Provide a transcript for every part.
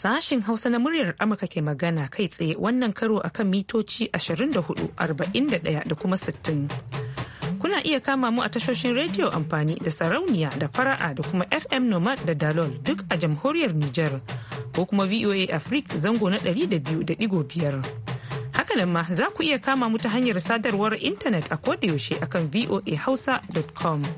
Sashin Hausa na muryar Amurka ke magana kai tsaye wannan karo akan mitoci 24, 41 da kuma 60. Kuna iya kama mu a tashoshin rediyo amfani da sarauniya da fara'a da kuma FM Nomad da Dalol duk a jamhuriyar Nijar ko kuma VOA Africa zango na 200.5. Hakanan ma za ku iya kama mu ta hanyar sadarwar intanet a kodayaushe akan voahausa.com.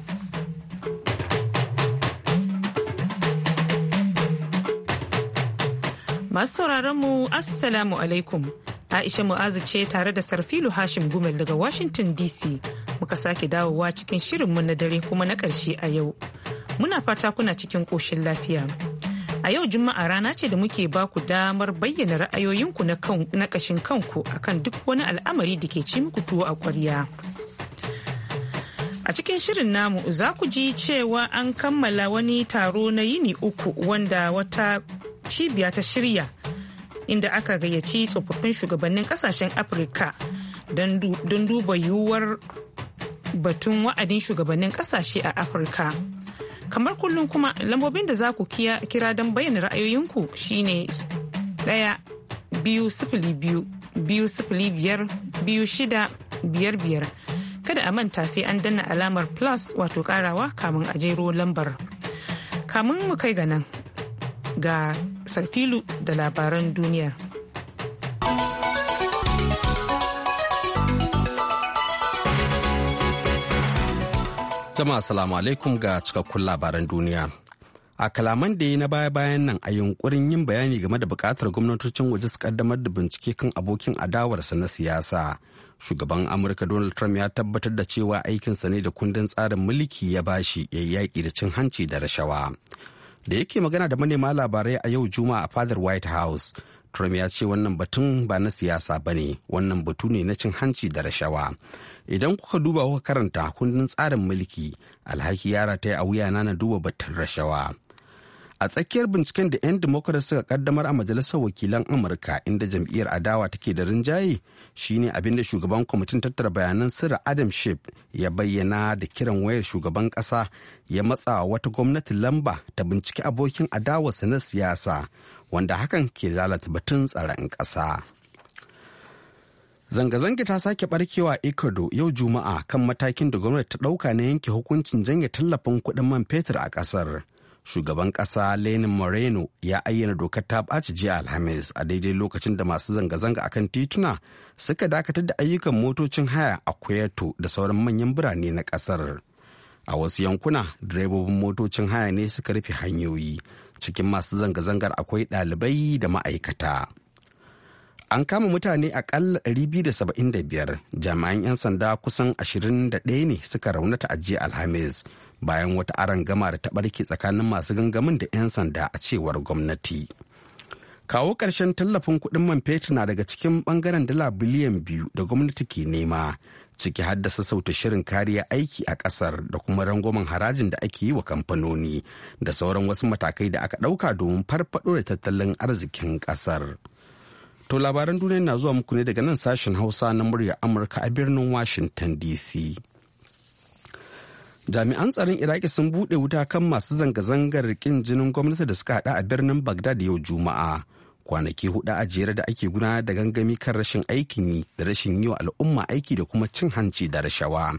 Masu sauraron mu Assalamu alaikum. Aisha Mu'azu ce tare da Sarfilu Hashim Gumel daga Washington DC. Muka sake dawowa cikin shirinmu na dare kuma na ƙarshe a yau. Muna fata kuna cikin ƙoshin lafiya. A yau Juma'a rana ce da muke ba ku damar bayyana ra'ayoyinku na ƙashin kanku akan duk wani al'amari da ke ci muku tuwo a ƙwarya. A cikin shirin namu za ku ji cewa an kammala wani taro na yini uku wanda wata cibiya ta shirya inda aka gayyaci tsofaffin shugabannin kasashen afirka don duba yiwuwar batun wa'adin shugabannin kasashe a afirka kamar kullum kuma lambobin da za ku kira don bayyana ra'ayoyinku shine daya biyu sifili biyu biyu sifili biyar biyu shida biyar biyar kada a manta sai an danna alamar plus wato karawa kamun a jero lambar kamun mu kai ga nan ga sarfilu da labaran duniya. Jama'a salamu alaikum ga cikakkun labaran duniya. A kalaman da yi na baya-bayan nan a yunkurin yin bayani game da bukatar gwamnatocin waje su kaddamar da bincike kan abokin adawarsa na siyasa. Shugaban Amurka Donald Trump ya tabbatar da cewa aikinsa ne da kundin tsarin mulki ya bashi ya yi yaƙi da cin hanci da rashawa. da yake magana da manema labarai a yau juma'a a fadar white house trump ya ce wannan batun ba na siyasa ba ne wannan batu ne na cin hanci da rashawa idan kuka duba kuka karanta kundin tsarin mulki alhaki yara ta yi a wuyana na duba batun rashawa a tsakiyar binciken da 'yan democrat suka kaddamar a majalisar wakilan amurka inda jam'iyyar adawa take da rinjaye shine abin da shugaban kwamitin tattara bayanan sirri adam shef ya bayyana da kiran wayar shugaban kasa ya matsa wata gwamnati lamba ta binciki abokin adawarsa na siyasa wanda hakan ke lalata batun tsaron kasa Zanga-zanga ta sake barkewa Ecuador yau Juma'a kan matakin da gwamnati ta ɗauka na yanke hukuncin janye tallafin kuɗin man fetur a ƙasar. shugaban ƙasa lenin moreno ya ayyana dokar ta ɓaci jiya alhamis a daidai lokacin da masu zanga-zanga a kan tituna suka dakatar da ayyukan motocin haya a kyoto da sauran manyan birane na ƙasar a wasu yankuna direbobin motocin haya ne suka rufe hanyoyi cikin masu zanga-zangar akwai ɗalibai da ma'aikata an kama mutane akalla 275 jami'an 'yan sanda kusan 21 ne suka raunata a jiya alhamis bayan wata aron gama da ta ɓarke tsakanin masu gangamin da 'yan sanda a cewar gwamnati. kawo ƙarshen tallafin kuɗin man fetur na daga cikin ɓangaren dala biliyan biyu da gwamnati ke nema ciki har da sassauta shirin kariya aiki a ƙasar da kuma rangwamen harajin da ake yi wa kamfanoni da sauran wasu matakai da aka ɗauka domin farfaɗo da tattalin arzikin ƙasar. To labaran duniya na zuwa muku ne daga nan sashen Hausa na murya Amurka a birnin Washington DC. jami'an tsaron iraki sun buɗe wuta kan masu zanga-zangar kin jinin gwamnati da suka haɗa a birnin bagdad yau juma'a kwanaki hudu a jere da ake gudanar da gangami kan rashin aikin yi da rashin yi wa al'umma aiki da kuma cin hanci da rashawa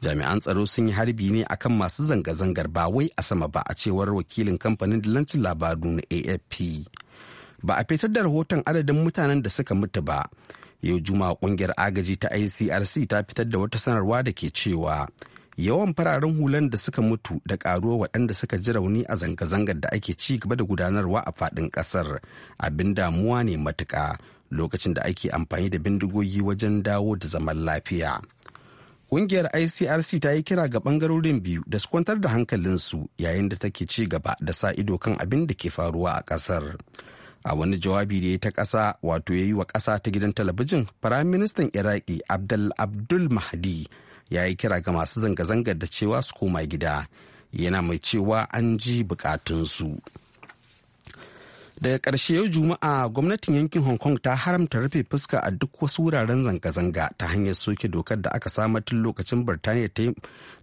jami'an tsaro sun yi harbi ne akan masu zanga-zangar ba wai a sama ba a cewar wakilin kamfanin dillancin labaru na afp ba a fitar da rahoton adadin mutanen da suka mutu ba yau juma'a kungiyar agaji ta icrc ta fitar da wata sanarwa da ke cewa yawan fararen hulan da suka mutu da karuwa waɗanda suka ji rauni a zanga-zangar da ake ci gaba da gudanarwa a faɗin ƙasar abin damuwa ne matuƙa lokacin da ake amfani da bindigogi wajen dawo da zaman lafiya. Ƙungiyar ICRC ta yi kira ga ɓangarorin biyu da su kwantar da hankalinsu yayin da take ci gaba da sa ido kan abin da ke faruwa a ƙasar. A wani jawabi da ya ta ƙasa wato ya yi wa ƙasa ta gidan talabijin, Firayim Ministan Iraki Abdul Abdul Mahdi ya yi kira ga masu zanga-zangar da cewa su koma gida yana mai cewa an ji bukatunsu daga ƙarshe yau juma'a gwamnatin yankin hong kong ta haramta rufe fuska a duk wasu wuraren zanga-zanga ta hanyar soke dokar da aka samar tun lokacin birtaniya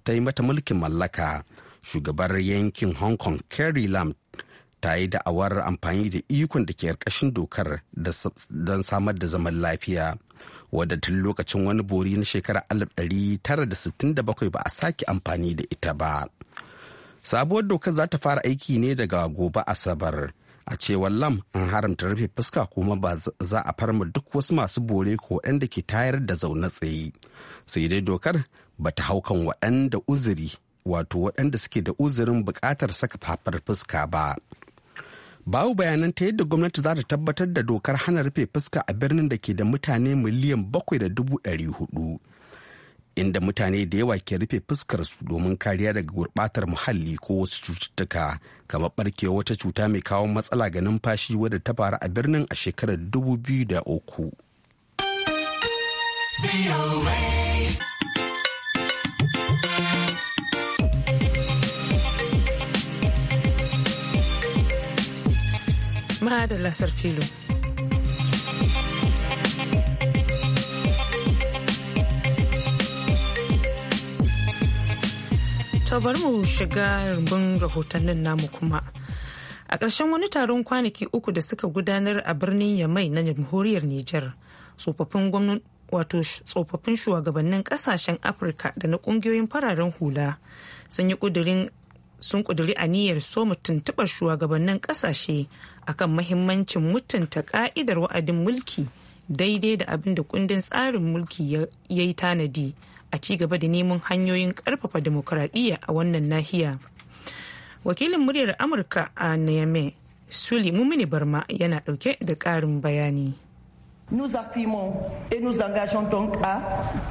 ta yi mata mulkin mallaka shugabar yankin hong kong carrie lam ta yi da'awar amfani da ikon da ke ƙarƙashin dokar don samar da zaman lafiya wadda tun lokacin wani bori na shekarar 1967 ba a sake amfani da ita ba. Sabuwar dokar za ta fara aiki ne daga gobe Asabar. A cewar Lam an haramta rufe fuska kuma ba za a farma duk wasu masu bore ko waɗanda ke tayar da zaune tsaye. Sai dai dokar ba ta haukan waɗanda uzuri wato waɗanda suke da uzurin buƙatar saka fafar fuska ba. babu bayanan ta yadda gwamnati za ta tabbatar da dokar hana rufe fuska a birnin da ke da mutane miliyan bakwai da dubu ɗari hudu inda mutane da yawa ke rufe fuskar su domin kariya daga gurɓatar muhalli ko wasu cututtuka kamar ɓarkewa wata cuta mai kawo matsala ga numfashi wadda ta faru a birnin a shekarar 2003. Madalla Sarfilu. To bari mu shiga rumbun rahotannin namu kuma. A ƙarshen wani taron kwanaki uku da suka gudanar a birnin Yamai na jamhuriyar Nijar, tsofaffin gwamnati wato tsofaffin shugabannin kasashen afirka da na ƙungiyoyin fararen hula sun yi kudirin sun ƙuduri niyyar so tuntuɓar shugabannin ƙasashe akan mahimmancin mutunta ƙa'idar wa'adin mulki daidai da abin da kundin tsarin mulki ya yi tanadi a ci gaba da neman hanyoyin ƙarfafa dimokuraɗiyya a wannan nahiya. Wakilin muryar Amurka a Niamey, Suli Mumini Barma yana ɗauke da ƙarin bayani. Nous affirmons et nous engageons donc à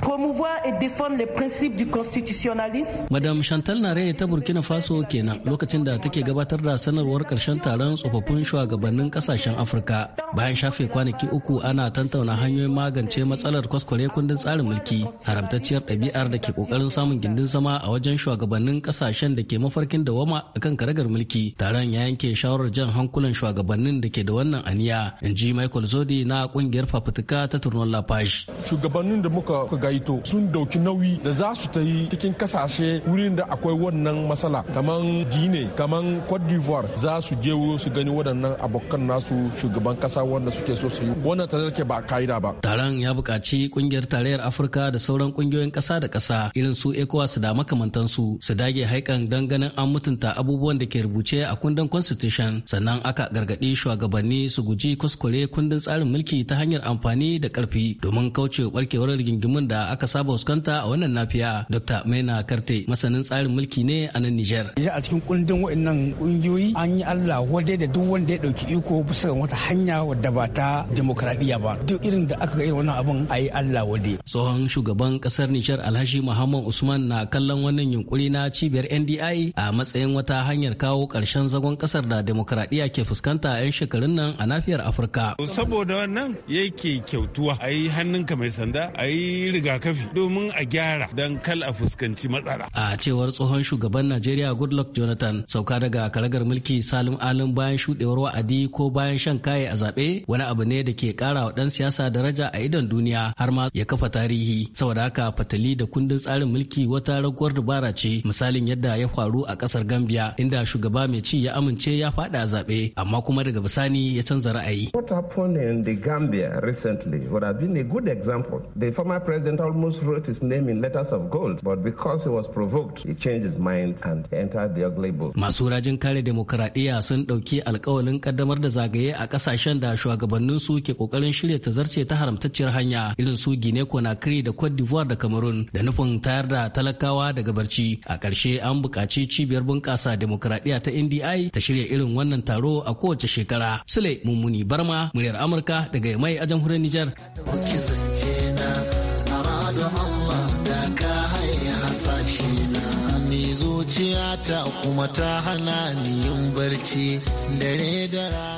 promouvoir et défendre les principes du constitutionnalisme. Madame Chantal Nare ta Burkina Faso kenan lokacin da take gabatar da sanarwar karshen taron tsofaffin shugabannin kasashen Afirka bayan shafe kwanaki uku ana tantauna hanyoyin magance matsalar kwaskware kundin tsarin mulki haramtacciyar ɗabi'ar da ke kokarin samun gindin zama a wajen shugabannin kasashen da ke mafarkin dawama akan karagar mulki taron ya yanke shawarar jan hankulan shugabannin da ke da wannan aniya in ji Michael Zodi na kungiyar fafutuka ta turnon lafashi. Shugabannin da muka gaito sun dauki nauyi da za su ta yi cikin kasashe wurin da akwai wannan matsala kamar Gine, kamar Cote d'Ivoire za su je su gani waɗannan abokan nasu shugaban kasa wanda suke so su yi wannan tare ke ba ka'ida ba. Taron ya buƙaci ƙungiyar tarayyar Afirka da sauran ƙungiyoyin ƙasa da ƙasa irin su ECOWAS da makamantansu su dage haikan don ganin an mutunta abubuwan da ke rubuce a kundin constitution sannan aka gargaɗi shugabanni su guji kuskure kundin tsarin mulki ta hanyar hanyar amfani da karfi domin kauce barkewar rigingimun da aka saba fuskanta a wannan nafiya dr maina karte masanin tsarin mulki ne a nan niger a cikin kundin wa'annan kungiyoyi an yi allah wadai da duk wanda ya dauki iko bisa wata hanya wadda ba ta demokradiyya ba duk irin da aka ga irin wannan abun a yi allah wadai tsohon shugaban kasar nijar alhaji muhammad usman na kallon wannan yunkuri na cibiyar ndi a matsayin wata hanyar kawo karshen zagon kasar da demokradiyya ke fuskanta 'yan shekarun nan a nafiyar afirka saboda wannan ya yake kyautuwa a yi hannunka mai sanda a yi rigakafi domin a gyara don kal a fuskanci matsala. A cewar tsohon shugaban Najeriya Goodluck Jonathan sauka daga karagar mulki Salim Alim bayan shuɗewar wa'adi ko bayan shan kaye a zaɓe wani abu ne da ke ƙara wa ɗan siyasa daraja a idon duniya har ma ya kafa tarihi saboda haka fatali da kundin tsarin mulki wata raguwar dubara ce misalin yadda ya faru a ƙasar Gambia inda shugaba mai ci ya amince ya faɗa zaɓe amma kuma daga bisani ya canza ra'ayi. What happened in the Gambia recently would have been a good example. The former president almost wrote his name in letters of gold, but because he was provoked, he changed his mind and entered the ugly book. Masu rajin kare demokaradiyya sun ɗauki alkawalin kaddamar da zagaye a ƙasashen da shugabannin su ke kokarin shirya ta zarce ta haramtacciyar hanya irin su Guinea Conakry da Cote d'Ivoire da Cameroon da nufin tayar da talakawa daga barci. A ƙarshe an buƙaci cibiyar bunƙasa demokaradiyya ta NDI ta shirya irin wannan taro a kowace shekara. Sule Mummuni Barma, muryar Amurka daga Mai a jamhuriyar Nijar.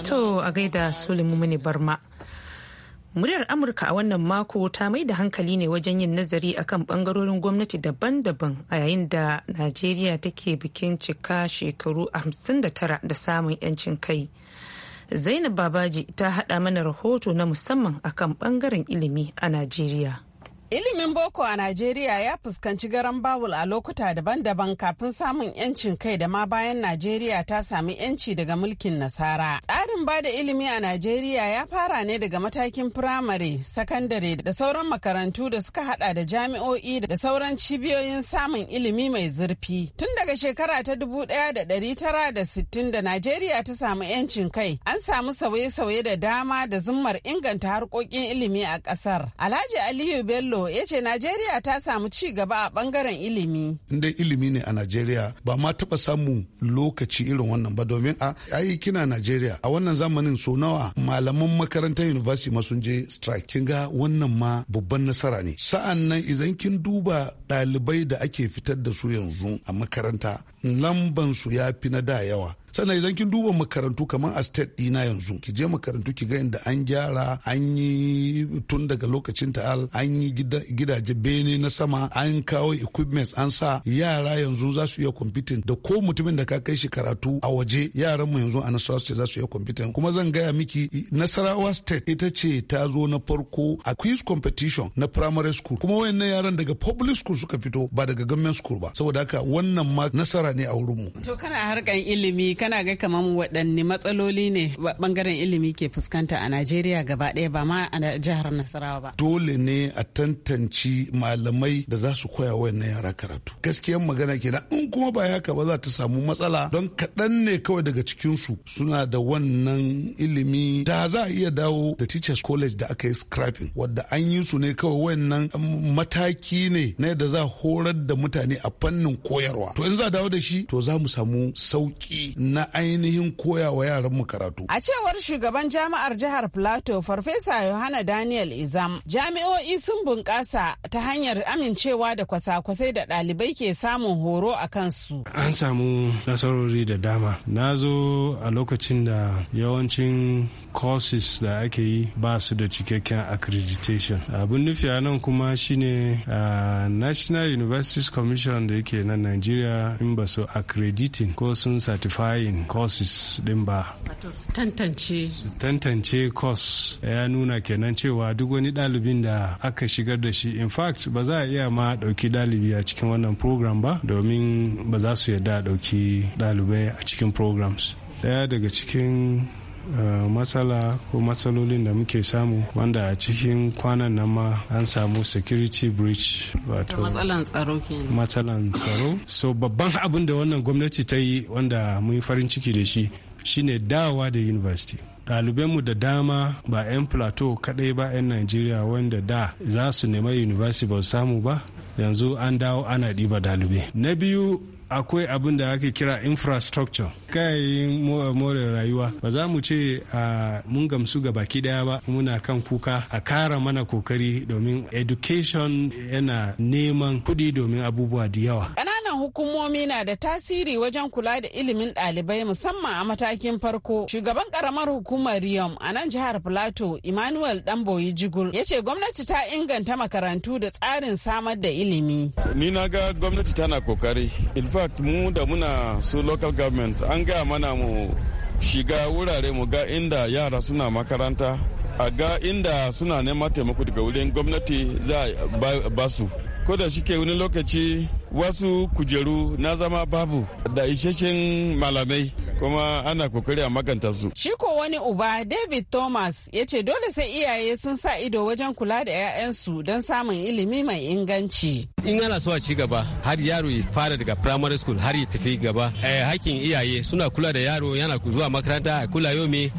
To a gaida Sulemu Mini Barma. muryar amurka a wannan mako ta mai da hankali ne wajen yin nazari akan bangarorin gwamnati daban-daban a yayin da najeriya take bikin cika shekaru 59 da samun 'yancin kai Zainab Babaji ta haɗa mana rahoto na musamman akan ɓangaren ilimi a Najeriya. Ilimin boko a Najeriya ya fuskanci garan bawul a lokuta daban-daban kafin samun 'yancin kai da ma bayan Najeriya ta sami 'yanci daga mulkin nasara. Tsarin ba da ilimi a Najeriya ya fara ne daga matakin firamare, sakandare da sauran makarantu da suka hada da jami'o'i da sauran cibiyoyin samun ilimi mai zurfi. Tun daga shekara ta dubu 1960 da Najeriya ta samu 'yancin kai, an samu sauye-sauye da dama da zummar inganta harkokin ilimi a ƙasar. Alhaji Aliyu Bello yace ya ce Najeriya ta samu ci gaba a bangaren ilimi. Inda ilimi ne a Najeriya ba ma taba samun lokaci irin wannan ba domin a ai kina Najeriya a wannan zamanin so nawa malaman makarantar university ma sun je strike kin ga wannan ma babban nasara ne. Sa'an nan idan kin duba ɗalibai da ake fitar da su yanzu a makaranta lamban su ya fi na da yawa sannan idan kin duba makarantu kamar a state dina yanzu ki je makarantu ki ga inda an gyara an yi tun daga lokacin ta al an yi gidaje bene na sama an kawo equipments an sa yara yanzu za su iya computing da ko mutumin da ka kai shi karatu a waje yaran mu yanzu a nasarawa state za su iya computing kuma zan gaya miki nasarawa state ita ce ta zo na farko a quiz competition na primary school kuma wayannan yaran daga public school suka fito ba daga government school ba saboda haka wannan ma nasara ne a wurin mu to kana harkan ilimi kana ga kamar waɗanne matsaloli ne bangaren ilimi ke fuskanta a Najeriya gaba ɗaya ba ma a jihar Nasarawa ba. Dole ne a tantance malamai da za su koya wayannan yara karatu. gaskiyan magana kenan in kuma ba haka ba za ta samu matsala don kaɗan ne kawai daga cikin su suna da wannan ilimi da za a iya dawo da teachers college da aka yi scrapping wadda an yi su ne kawai wayannan um, mataki ne na yadda za horar da mutane a fannin koyarwa. To in za a dawo da shi to za mu samu sauki na ainihin koya wa yaranmu karatu. A cewar shugaban jami'ar jihar Plateau, Farfesa Yohana Daniel Izam, jami'o'i sun bunƙasa ta hanyar amincewa da kwasa-kwasai da ɗalibai ke samun horo a kansu. An samu nasarori da dama. Na zo a lokacin da yawancin courses da ake yi ba su da cikakken accreditation. Abin nufi a nan kuma shine uh, National Universities Commission da yake na Nigeria in ba su accrediting ko sun certify applying courses din ba tantance tantance course ya nuna kenan cewa duk wani dalibin da aka shigar da shi in fact ba za a iya ma ɗauki dalibi a cikin wannan program ba domin ba za su yarda a ɗauki ɗalibai a cikin programs daya daga cikin Eh, matsala ko matsalolin da muke samu wanda a cikin kwanan nan ma an samu security breach wato matsalan tsaro matsalan tsaro so babban abin da wannan gwamnati ta yi wanda mun farin ciki da shi shine dawa da university mu da dama ba 'yan plateau kaɗai ba 'yan najeriya wanda da za su nema university ba samu ba yanzu an dawo ana ɗiba ɗalibai na biyu akwai abin da ake kira infrastructure kayayyin more rayuwa ba za mu ce mun gamsu ga baki daya ba muna kan kuka a kara mana kokari domin education yana neman kuɗi domin abubuwa da yawa Ƙananan hukumomi na da tasiri wajen kula da ilimin ɗalibai musamman a matakin farko. Shugaban karamar hukumar Riyom a nan jihar plato Emmanuel Ɗanboyi Jigul ya ce gwamnati ta inganta makarantu da tsarin samar da ilimi. Ni na ga gwamnati tana kokari. In fact mu da muna su local governments an ga mana mu shiga wurare mu ga inda yara suna makaranta a ga inda suna neman taimako daga wurin gwamnati za ba su. Ko da shike wani lokaci wasu kujeru na zama babu da isheshen malamai kuma ana kokari a maganta su. Shi ko wani uba David Thomas ya ce dole sai iyaye sun sa ido wajen kula da 'ya'yansu don samun ilimi mai inganci. In ana so a ci gaba har yaro ya fara daga primary school har ya tafi gaba. Eh, hakkin iyaye suna kula da yaro yana zuwa makaranta a kula yomi.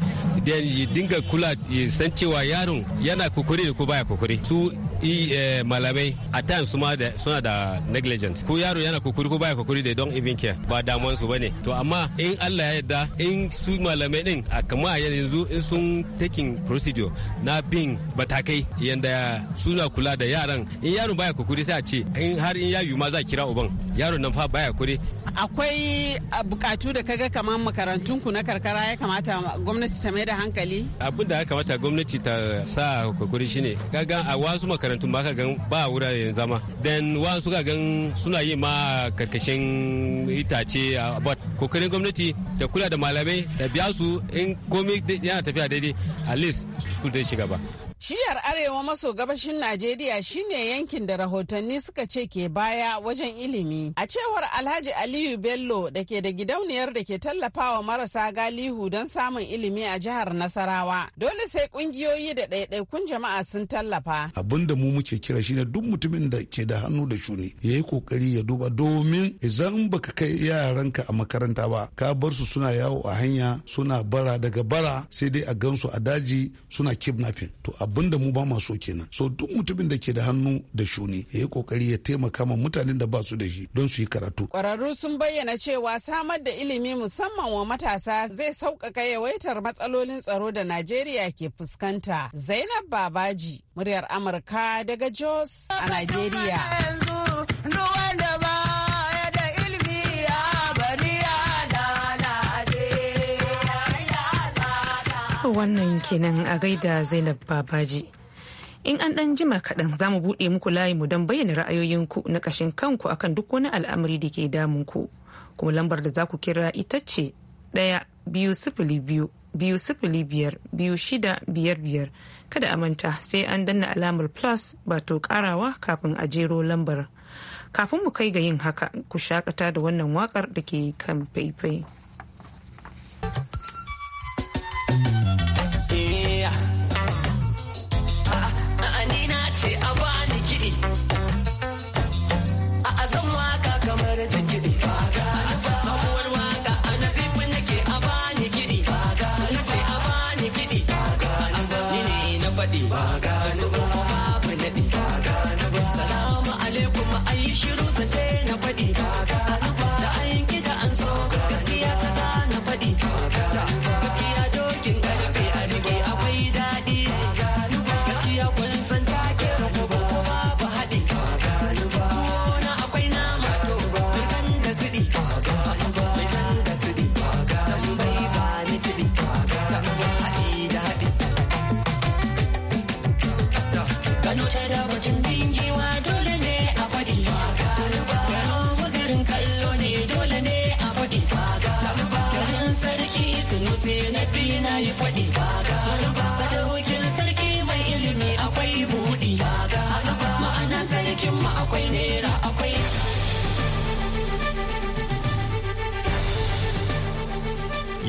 Da ya dinga kula ya san cewa yaron yana kukuri da ko baya kukuri. Su Eh, malamai a times suma da suna da negligent ko yaro yana kokuri ko baya kokuri da don even care ba damuwan su bane to amma in Allah ya yarda in su malamai din a kama a yanzu in sun taking procedure na bin batakai yanda suna kula da yaran in yaro baya kokuri sai a ce in har in yayu ma za kira uban yaron nan fa baya kokuri akwai bukatu da kaga kamar makarantunku na karkara ya kamata gwamnati ta mai da hankali? Abin da ya kamata gwamnati ta sa kokuri shine kaga a wasu makarantun ba ka gan ba wuraren zama. Dan wasu ka gan suna yi ma karkashin itace a Kokarin gwamnati ta kula da malamai ta biya su in komai yana tafiya daidai at least school dai shiga ba. Shiyar Arewa maso gabashin Najeriya shine yankin da rahotanni suka ce ke baya wajen ilimi. A cewar Alhaji Aliyu Bello da ke da gidauniyar da ke tallafawa marasa galihu don samun ilimi a jihar Nasarawa. Dole sai kungiyoyi da ɗaiɗaikun jama'a sun tallafa. Abin da mu muke kira shine duk mutumin da ke da hannu da shuni ya yi kokari ya duba domin idan baka kai yaranka a makaranta ba ka bar su suna yawo a hanya suna bara daga bara sai dai a gansu a daji suna kidnapping. abin da mu ba ma so kenan so duk mutumin da ke da hannu da shuni ya yi kokari ya taimaka ma mutanen da ba su da shi don su yi karatu kwararru sun bayyana cewa samar da ilimi musamman wa matasa zai sauƙaƙa yawaitar matsalolin tsaro da najeriya ke fuskanta zainab babaji muryar amurka daga jos a najeriya wannan kenan a gaida Zainab Babaji. In an ɗan jima kaɗan za mu buɗe muku layi mu don bayyana ra'ayoyinku na ƙashin kanku akan duk wani al'amari da ke damun ku. Kuma lambar da za ku kira ita ce ɗaya biyu sifili biyu biyu sifili biyar biyu shida biyar biyar kada a manta sai an danna alamar plus bato karawa kafin a jero lambar kafin mu kai ga yin haka ku shakata da wannan waƙar da ke kan faifai.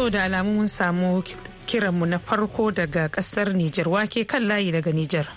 To da alamu mun samu kiranmu na farko daga kasar Nijar wake kan layi daga Nijar.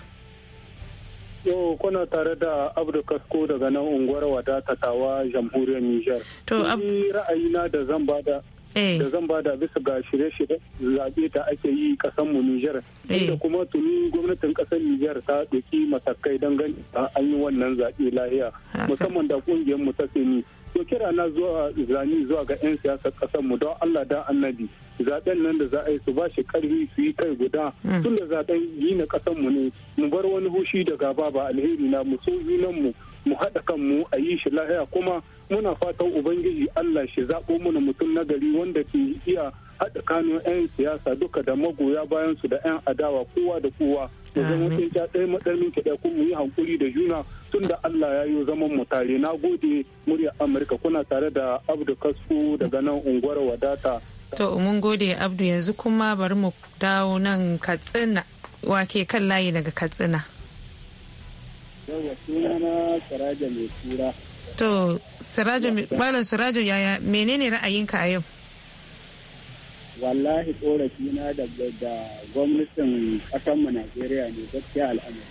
Yau kuna tare da Abdu Kasko daga nan unguwar wadatatawa jamhuriyar Nijar. To ra'ayina da zan bada eh. da zan bada bisa ga shirye-shirye zaɓe da ake yi mu Nijar. Eh. Inda kuma tuni gwamnatin ƙasar Nijar ta ɗauki matakai don ganin an yi wannan zaɓe lahiya. Musamman da ƙungiyar mu ta Sini. to kira na zuwa zani zuwa ga 'yan siyasar kasar mu don Allah da annabi zaben nan da za a yi su ba shi karfi su yi kai guda hmm. tun da zaben yi na kasar mu ne mu bar wani hushi da gaba ba alheri na mu so nan mu mu haɗa kan mu a yi shi lahiya kuma muna fatan ubangiji Allah shi zaɓo mana mutum nagari wanda ke iya haɗa kanun 'yan siyasa duka da magoya bayan su da 'yan adawa kowa da kowa ya zama sun ta ɗaya matsalin ki ɗaya kuma yi hankuri da juna tun da Allah ya yi zaman mu tare na gode murya Amurka kuna tare da Abdu Kasku daga nan unguwar wadata. To mun gode Abdu yanzu kuma bari mu dawo nan Katsina wake kan layi daga Katsina. Yawa sunana Siraja mai tura. To Siraja Malam Siraja yaya menene ra'ayinka a yau? wallahi korafi na daga da gwamnatin ƙasanmu najeriya ne gaskiya al'amari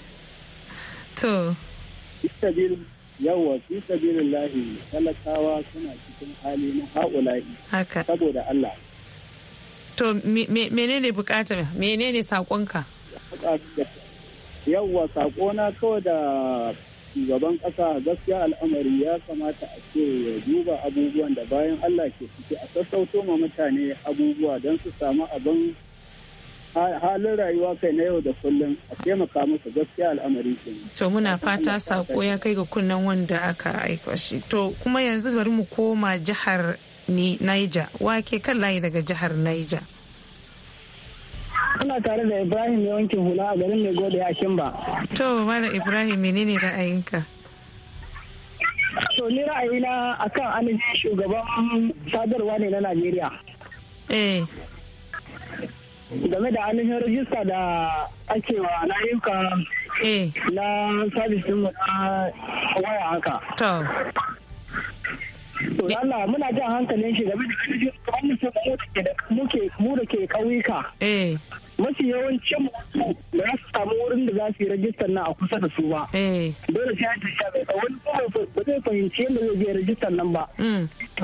to yawa fi sabilin lahi talakawa suna cikin hali na ha'ula'i. haka saboda allah to menene bukata menene saƙonka Yawa saƙona kawai da shugaban ƙasa gaskiya al'amari ya kamata a ce ya duba abubuwan da bayan Allah ke ciki a sassauto ma mutane abubuwa don su samu abin halin rayuwa kai na yau da kullum a taimaka musu gaskiya al'amari ke to muna fata sako ya kai ga kunnen wanda aka aika shi to kuma yanzu bari mu koma jihar ni Niger ke kan layi daga jihar Niger Ana tare da Ibrahim yawancin hula a garin mai da a Kimba. To, mana Ibrahim menene ra'ayinka? To, ni ra'ayina akan amince shugaban sadarwa ne na Najeriya. Eh. Game da ainihin rajista da ake wa layuka na eh. sabis din na waya haka. To. To, Allah muna jan hankalin shi game da ainihin wani sai mu da ke ƙauyuka. Eh. mafi yawancin mutu da za su samu wurin da za su yi rajistar nan a kusa da su ba. Eh. Dole sai hajji sha mai tsawon kuma ba zai fahimci yadda zai je rajistar nan ba. Mm.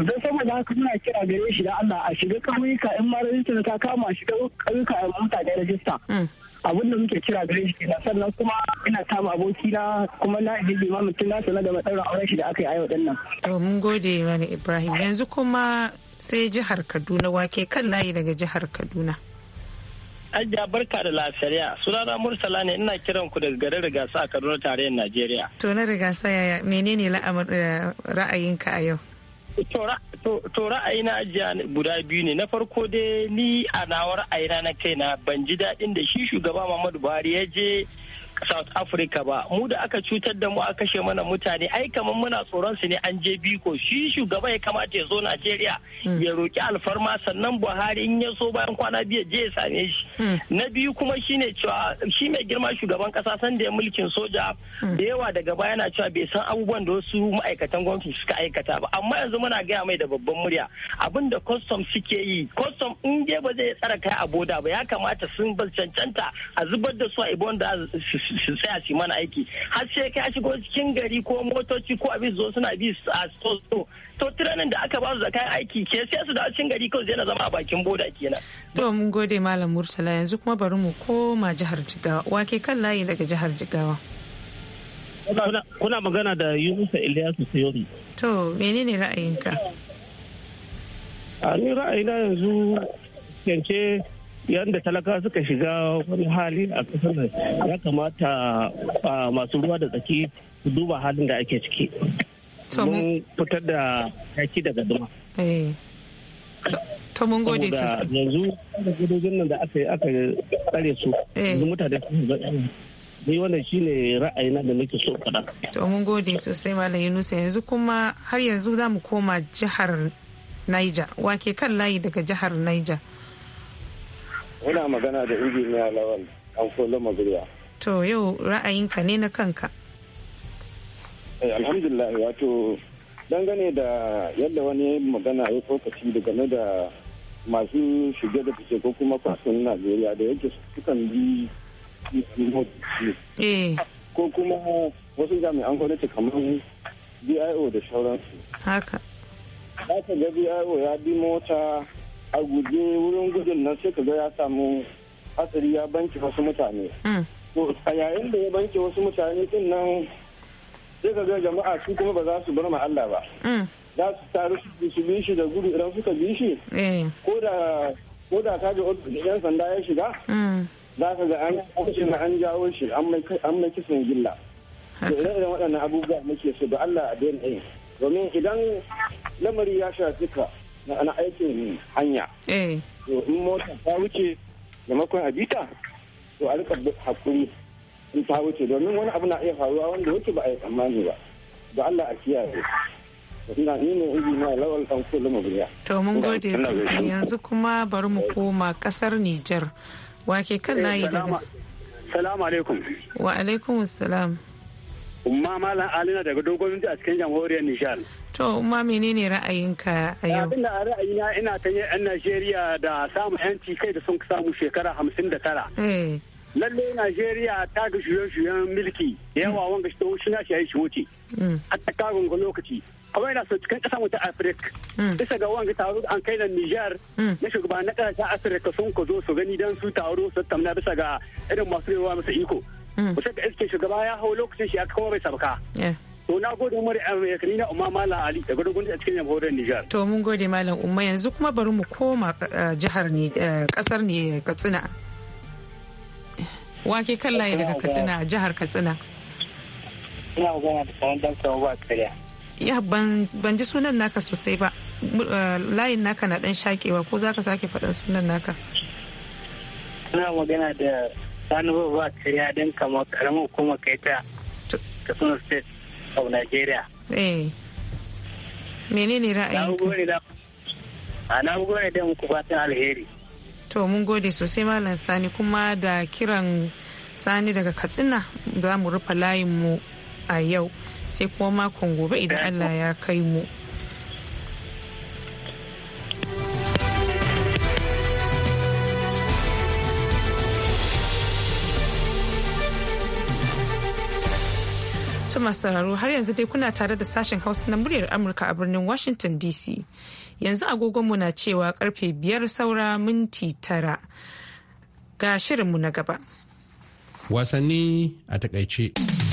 To sama da haka muna kira gare shi da Allah a shiga ƙauyuka in ma rajistar ta kama a shiga ƙauyuka a mutane rajista. Mm. abin da muke kira gare shi na sannan kuma ina aboki abokina kuma na ajiye ma mutum nasa na da matsalar auren shi da aka yi a yau ɗin nan. mun gode mani Ibrahim yanzu kuma sai jihar Kaduna wake kan layi daga jihar Kaduna. Ajiya barka da lasariya sunana Murtala ne ina kiran ku daga garin Rigasa a Kaduna tarayyar Najeriya. To na Rigasa yaya menene eh, ra'ayinka a yau? To ra'ayi na ajiya guda biyu ne na farko dai ni a nawa ra'ayina na kaina ban ji daɗin da shi shugaba Muhammadu Buhari ya je South Africa ba mu da aka cutar da mu a kashe mana mutane ai kamar muna tsoron su ne an je biko shi shugaba ya kamata ya zo Najeriya hmm. ya roki alfarma sannan Buhari in ya so bayan kwana biyu je ya same shi hmm. na biyu kuma shine cewa shi mai girma shugaban kasa san da ya mulkin soja hmm. da yawa daga baya yana cewa bai san abubuwan da wasu ma'aikatan gwamnati suka aikata ba amma yanzu muna gaya mai da babban murya abinda da custom suke yi custom in je ba zai tsara kai a boda ba ya kamata sun cancanta a zubar da su a ibon da su su tsaya su mana aiki har sai ka shigo cikin gari ko motoci ko abin zo suna bi a so to trenin da aka ba su da kayan aiki ke sai su dawo cikin gari ko zai na zama a bakin boda kenan. to mun gode malam murtala yanzu kuma bari mu koma jihar jigawa wake kan layi daga jihar jigawa. kuna magana da yunusa iliyasu sayori. to menene ra'ayinka. a ni ra'ayina yanzu yanke yadda talaka suka shiga wani hali a kasar nan ya kamata masu ruwa da tsaki su duba halin da ake ciki mun fitar da yaki daga duma eh. to mun gode sosai yanzu da gudojin nan da aka aka tsare su eh. yanzu mutane su ga ni wannan shine na da nake so faɗa to mun gode sosai malam Yunusa yanzu kuma har yanzu za mu koma jihar Niger wake kan layi daga jihar Niger Muna magana da injiniya Lawal an kola magriya. To yau ra'ayinka ne na kanka. Eh, alhamdulillah wato dangane da yadda wani magana ya tsokaci da game da masu shige da fice ko kuma kwasan Najeriya da yake sukan bi eh. ko kuma wasu jami'an gwamnati kamar BIO da sauransu. Haka. Haka ga BIO ya bi mota a guje wurin gudun nan sai kaga ya samu hatsari ya banke wasu mutane hmm. a yayin da ya banke wasu mutane din nan sai kaga jama'a su kuma ba za su bar ma Allah ba hmm. za su taru su bi shi da gudu idan suka bi shi eh. ko da ko da ta ji yan sanda ya shiga hmm. za ka ga an kwace na an jawo shi an mai kisan gilla da irin waɗannan abubuwa muke su ba Allah a daina domin idan lamari ya shafi ka na aikin hanya eh. to in mota ta wuce maimakon a bita to a rika hakuri in ta wuce domin wani abu na iya faruwa wanda wuce ba a yi tsammani ba da Allah a kiyaye ina ni ne injiniya lawal dan kullu mabiya to mun gode sosai yanzu kuma bari mu koma kasar Nijar. wake kan nayi eh, daga salamu alaikum wa alaikum salam. umma malam alina daga dogon a cikin jamhuriyar nijar to umma ra'ayin ra'ayinka a yau abin da ra'ayina ina ta yan najeriya da samu yanci kai da sun samu shekara hamsin da tara eh. lalle najeriya ta ga shuye-shuyen milki da yawa mm. wanga shi shi na shi shi wuce mm. hatta kagon ga lokaci kawai na so cikin kasa mu ta afirka mm. bisa ga wanga taro an kai na Nijar. na na kasashen afirka sun ka zo su gani dan su taro su tamna bisa ga irin masu rewa masu iko Mm. kusa da sk shugaba ya hau lokacin shi ya kawo bai sabka to na gode mu da amurka na umma malam ali da gudun a cikin jamhuriyar nijar to mun gode malam Umar yanzu kuma bari mu koma eh, jihar eh, kasar ne eh, katsina wake kan layi daga katsina jihar katsina ina magana da sanin dan samu ba kariya ya ban ji sunan naka sosai ba layin naka na dan shakewa ko za zaka sake faɗan sunan naka ina magana da sani ba ba kariya don kama karamin kuma kai ta katsina state of nigeria eh menene ra'ayinka a na gode da muku fatan alheri to mun gode sosai malam sani kuma da kiran sani daga katsina za mu rufe mu a yau sai kuma makon gobe idan allah ya kai mu To masu har yanzu dai kuna tare da sashen Hausa na muryar Amurka a birnin Washington DC. Yanzu agogonmu na cewa karfe biyar saura minti tara. Ga shirinmu na gaba. Wasanni a takaice.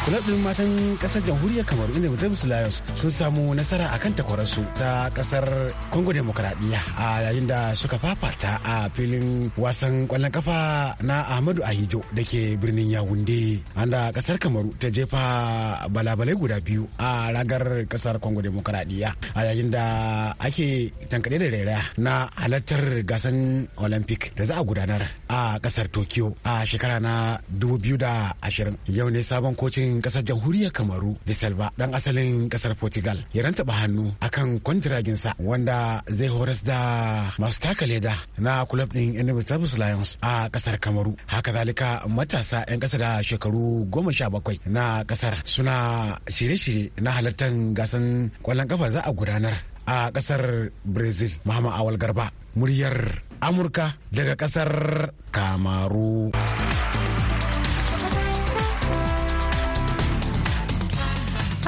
Kulab ɗin matan ƙasar jamhuriyar Kamaru inda Davis sun samu nasara a kan takwararsu ta ƙasar Congo demokaraɗiyya a yayin da suka fafata a filin wasan ƙwallon kafa na Ahmadu Ahijo da ke birnin Yawunde. Anda ƙasar Kamaru ta jefa balabalai guda biyu a ragar ƙasar Congo Demokuraɗiyya a yayin da ake tankaɗe da raira na halartar gasan Olympic da za a gudanar a ƙasar Tokyo a shekara na 2020. Yau ne sabon kocin kasar jamhuriyar kamaru da salva dan asalin kasar portugal ya rantaba hannu akan kwantiraginsa wanda zai horas da masu taka leda na club din indomitable lions a kasar kamaru haka zalika matasa 'yan kasa da shekaru goma sha bakwai na kasar suna shirye-shirye na halartar gasan kwallon kafa za a gudanar a kasar brazil muhammad awal garba muryar amurka daga kasar kamaru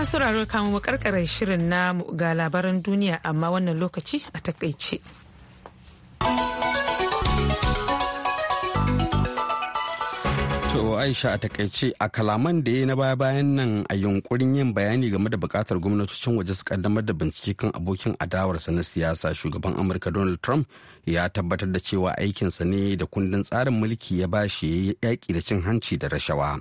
masu raro kamun makarkarar shirin na ga labaran duniya amma wannan lokaci a takaice. To Aisha a takaice a kalaman da ya na baya bayan nan a yunkurin yin bayani game da bukatar gwamnatocin waje su kaddamar da bincike kan abokin adawarsa na siyasa shugaban Amurka Donald Trump ya tabbatar da cewa aikinsa ne da kundin tsarin mulki ya bashi yaƙi da cin hanci da rashawa.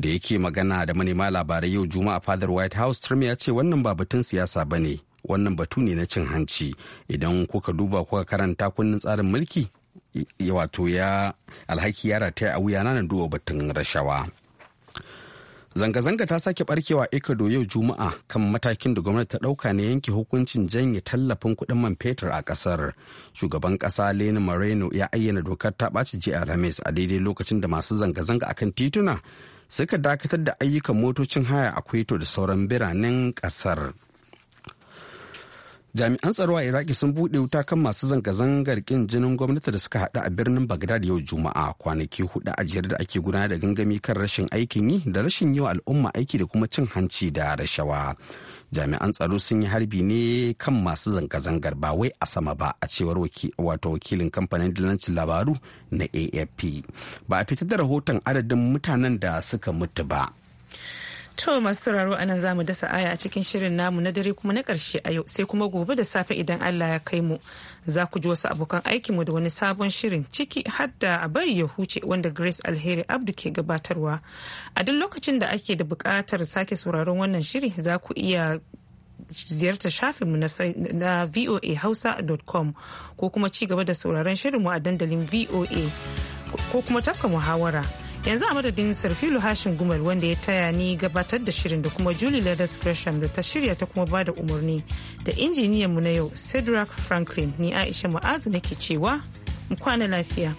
da yake magana da manema labarai yau juma'a fadar white house trump ya ce wannan ba batun siyasa ba ne wannan batu ne na cin hanci idan kuka duba kuka karanta kunnen tsarin mulki wato ya alhaki ya rataya a wuya na duba batun rashawa zanga-zanga ta sake barkewa ecuador yau juma'a kan matakin da gwamnati ta dauka na yanke hukuncin janye tallafin kudin man fetur a kasar. shugaban kasa lenin moreno ya ayyana dokar ta ɓaci jiya alhamis a daidai lokacin da masu zanga-zanga akan tituna suka dakatar da ayyukan motocin haya a Kwaito da sauran biranen ƙasar. jami'an tsaro a iraki sun buɗe wuta kan masu zanga-zangar kin jinin gwamnati da suka haɗu a birnin bagdad yau juma'a kwanaki hudu a jiyar da ake gudanar da gangami kan rashin aikin yi da rashin yi wa al'umma aiki da kuma cin hanci da rashawa jami'an tsaro sun yi harbi ne kan masu zanga-zangar ba wai a sama ba a cewar wato wakilin kamfanin dillancin labaru na afp ba a fitar da rahoton adadin mutanen da suka mutu ba To masu sauraro a nan zamu dasa aya a cikin shirin namu na dare kuma na ƙarshe a yau sai kuma gobe da safe idan Allah ya kai mu za ku ji wasu abokan mu da wani sabon shirin ciki har a bari ya huce wanda Grace Alheri Abdu ke gabatarwa. A duk lokacin da ake da buƙatar sake sauraron wannan shiri za ku iya ziyartar shafinmu na voahausa.com ko kuma ci gaba da sauraron shirin mu a dandalin VOA ko kuma tafka muhawara. yanzu a madadin sarfilu hashin gumal wanda ya taya ni gabatar da shirin da kuma julie ladas gresham da ta shirya ta kuma bada umarni da injiniyan mu na yau cedric franklin ni aisha mu'azu nake cewa mu kwana lafiya